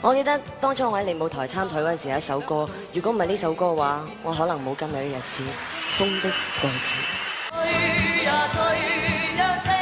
我記得當初我在利舞台參賽的時候有一首歌。如果唔係呢首歌嘅話，我可能冇今日嘅日子。風的季節。